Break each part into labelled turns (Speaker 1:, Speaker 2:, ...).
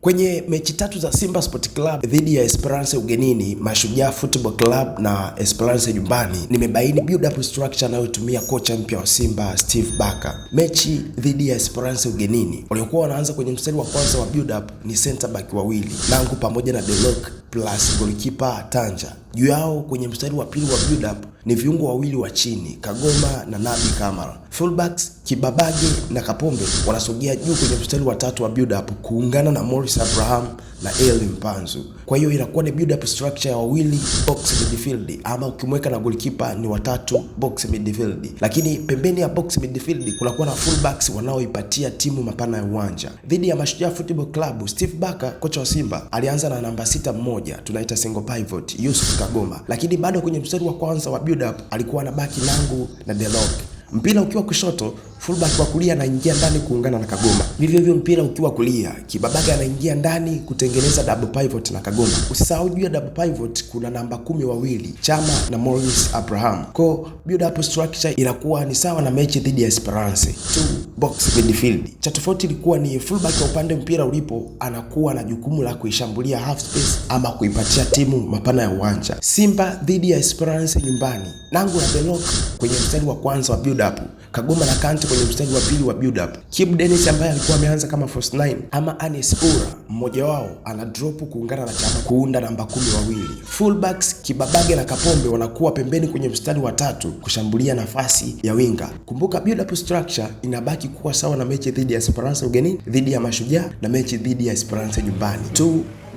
Speaker 1: Kwenye mechi tatu za Simba Sport Club dhidi ya Esperance ugenini, Mashujaa Football Club na Esperance nyumbani, nimebaini build up structure anayotumia kocha mpya wa Simba Steve Barker. Mechi dhidi ya Esperance ugenini, waliokuwa wanaanza kwenye mstari wa kwanza wa build up ni center back wawili Nangu pamoja na Delok plus golikipa Tanja. Juu yao kwenye mstari wa pili wa build up ni viungo wawili wa chini Kagoma na Nabi Kamara. Fullbacks Kibabage na Kapombe wanasogea juu kwenye mstari wa tatu wa build up kuungana na Morris Abraham na Eli Mpanzu. Kwa hiyo inakuwa ni build up structure ya wawili box midfield, ama ukimweka na goalkeeper ni watatu box midfield, lakini pembeni ya box midfield kunakuwa na fullbacks wanaoipatia timu mapana ya uwanja. Dhidi ya Mashujaa Football Club, Steve Baka kocha wa Simba alianza na namba sita mmoja tunaita single pivot Yusuf Kagoma, lakini bado kwenye mstari wa kwanza wa build up alikuwa na baki langu na Delok, mpira ukiwa kushoto fullback wa kulia anaingia ndani kuungana na Kagoma. Vivyo hivyo mpira ukiwa kulia, Kibabaga anaingia ndani kutengeneza double pivot na Kagoma. Usisahau juu ya double pivot kuna namba kumi wawili Chama na Morris Abraham. Kwa build up structure inakuwa ni sawa na mechi dhidi ya Esperance Two box midfield. Cha tofauti ilikuwa ni fullback wa upande mpira ulipo anakuwa na jukumu la kuishambulia half space ama kuipatia timu mapana ya uwanja. Simba dhidi ya Esperance nyumbani, Nangu na Belok kwenye mstari wa kwanza wa build up, Kagoma na Kante kwenye mstari wa pili wa build up. Kim Dennis ambaye alikuwa ameanza kama first nine ama Anis Ura, mmoja wao ana drop kuungana na Chama kuunda namba kumi wawili. Fullbacks Kibabage na Kapombe wanakuwa pembeni kwenye mstari wa tatu kushambulia nafasi ya winga. Kumbuka build up structure inabaki kuwa sawa na mechi dhidi ya Esperance ugenini, dhidi ya Mashujaa na mechi dhidi ya Esperance nyumbani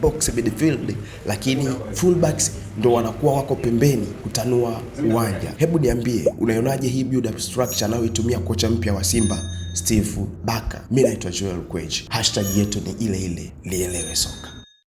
Speaker 1: box midfield, lakini fullbacks ndo wanakuwa wako pembeni kutanua uwanja. Hebu niambie, unaionaje hii build up structure anayoitumia kocha mpya wa Simba Steve Baka? Mi naitwa Joel Kweji, hashtag yetu ni ile ile, lielewe soka.